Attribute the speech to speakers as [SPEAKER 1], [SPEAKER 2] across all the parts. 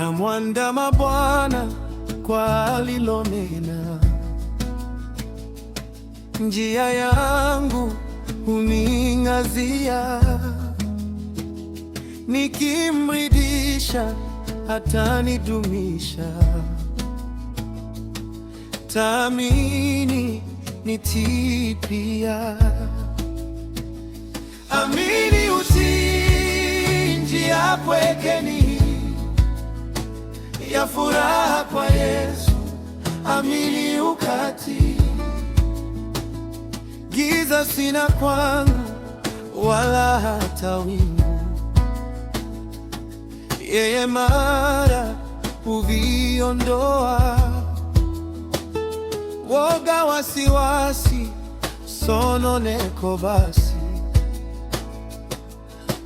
[SPEAKER 1] na mwandama Bwana kwa alilonena. Njia yangu huning'azia, nikimridisha atanidumisha. Tamini nitii pia,
[SPEAKER 2] amini utii njia pwekeni ya furaha kwa Yesu, amini ukati
[SPEAKER 1] giza sina kwangu wala hata wingu, yeye mara huviondoa woga, wasiwasi, sononeko, basi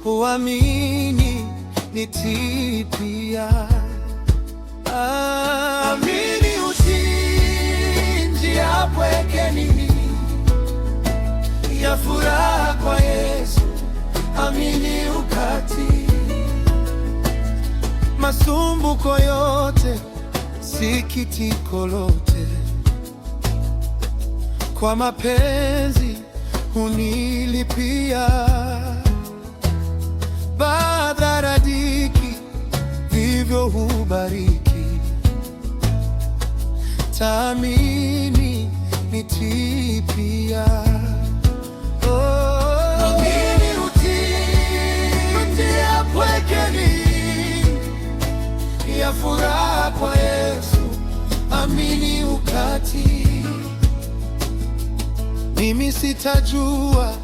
[SPEAKER 1] huamini nitipia
[SPEAKER 2] Amini usinzi apweke nini ya furaha kwa Yesu, amini ukati
[SPEAKER 1] masumbuko yote, sikitiko lote, kwa mapenzi hunilipia badharadiki, vivyo hubariki nitaamini nitii
[SPEAKER 2] oh, ya furaha kwa Yesu, amini ukati
[SPEAKER 1] Mimi sitajua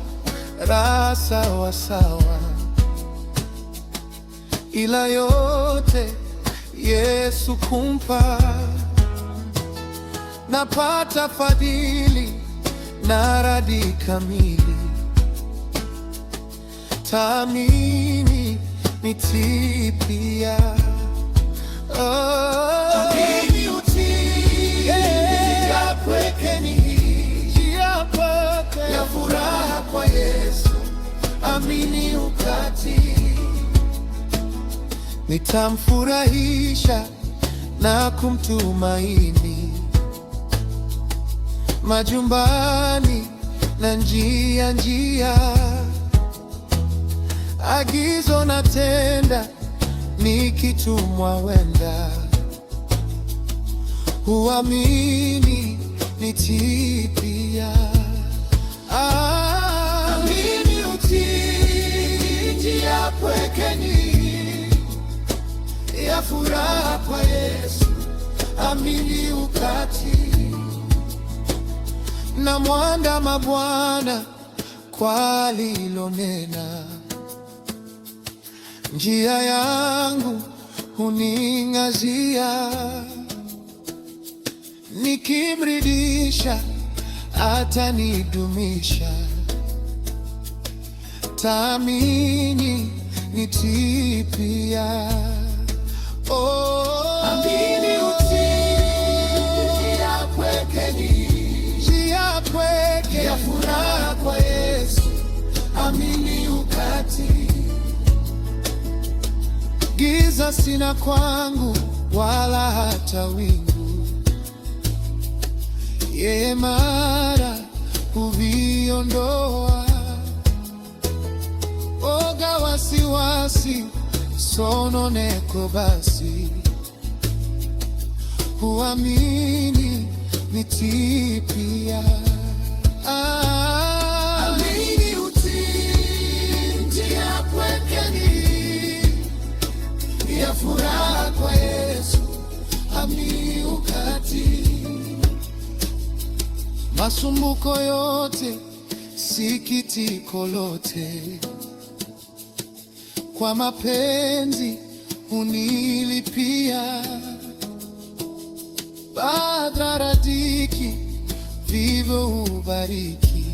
[SPEAKER 1] raha sawa sawa, ila yote Yesu kumpa napata fadhili na radi kamili. Thamini ni tipia
[SPEAKER 2] ya furaha kwa Yesu, amini ukati,
[SPEAKER 1] nitamfurahisha na kumtumaini majumbani na njia njia. Agizo natenda, nikitumwa wenda. Huamini ni tipia
[SPEAKER 2] amini utii njia pwekeni ya furaha kwa Yesu, amini ukati
[SPEAKER 1] na mwanda mabwana kwa lilonena, Njia yangu huning'azia, nikimridisha atanidumisha. Tamini nitipia giza sina kwangu, wala hata wingu. Yeye mara huviondoa oga, wasiwasi, sononeko, basi huamini nitipia ah. masumbuko yote, sikitiko lote, kwa mapenzi unilipia badhara dhiki, vivyo ubariki,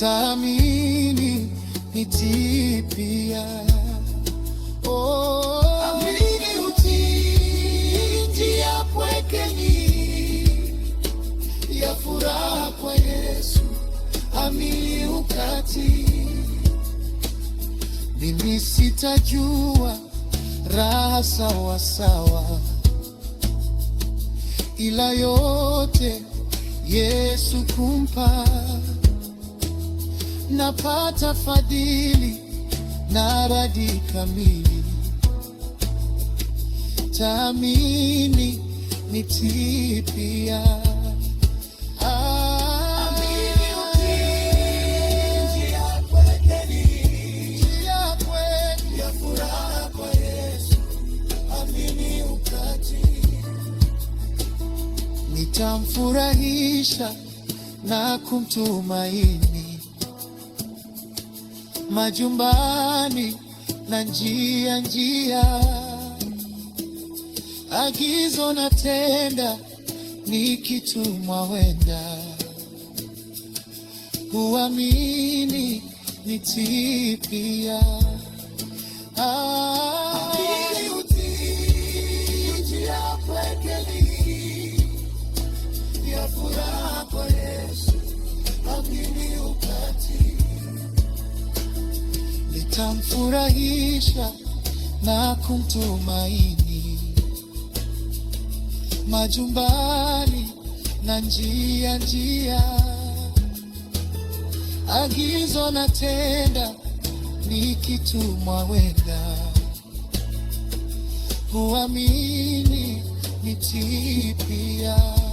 [SPEAKER 1] tamini nitipia
[SPEAKER 2] oh. Amini utii njia pwekeni ya furaha kwa Yesu ukati
[SPEAKER 1] Mimi sitajua raha sawa sawa, ila yote Yesu kumpa. Napata fadhili na radi kamili, tamini nitipia nitamfurahisha na kumtumaini majumbani na njia njia, agizo natenda, nikitumwa wenda, huamini nitii
[SPEAKER 2] niliopati
[SPEAKER 1] litamfurahisha na kumtumaini majumbani na njia njia, agizo natenda nikitumwa wenda huamini nitii pia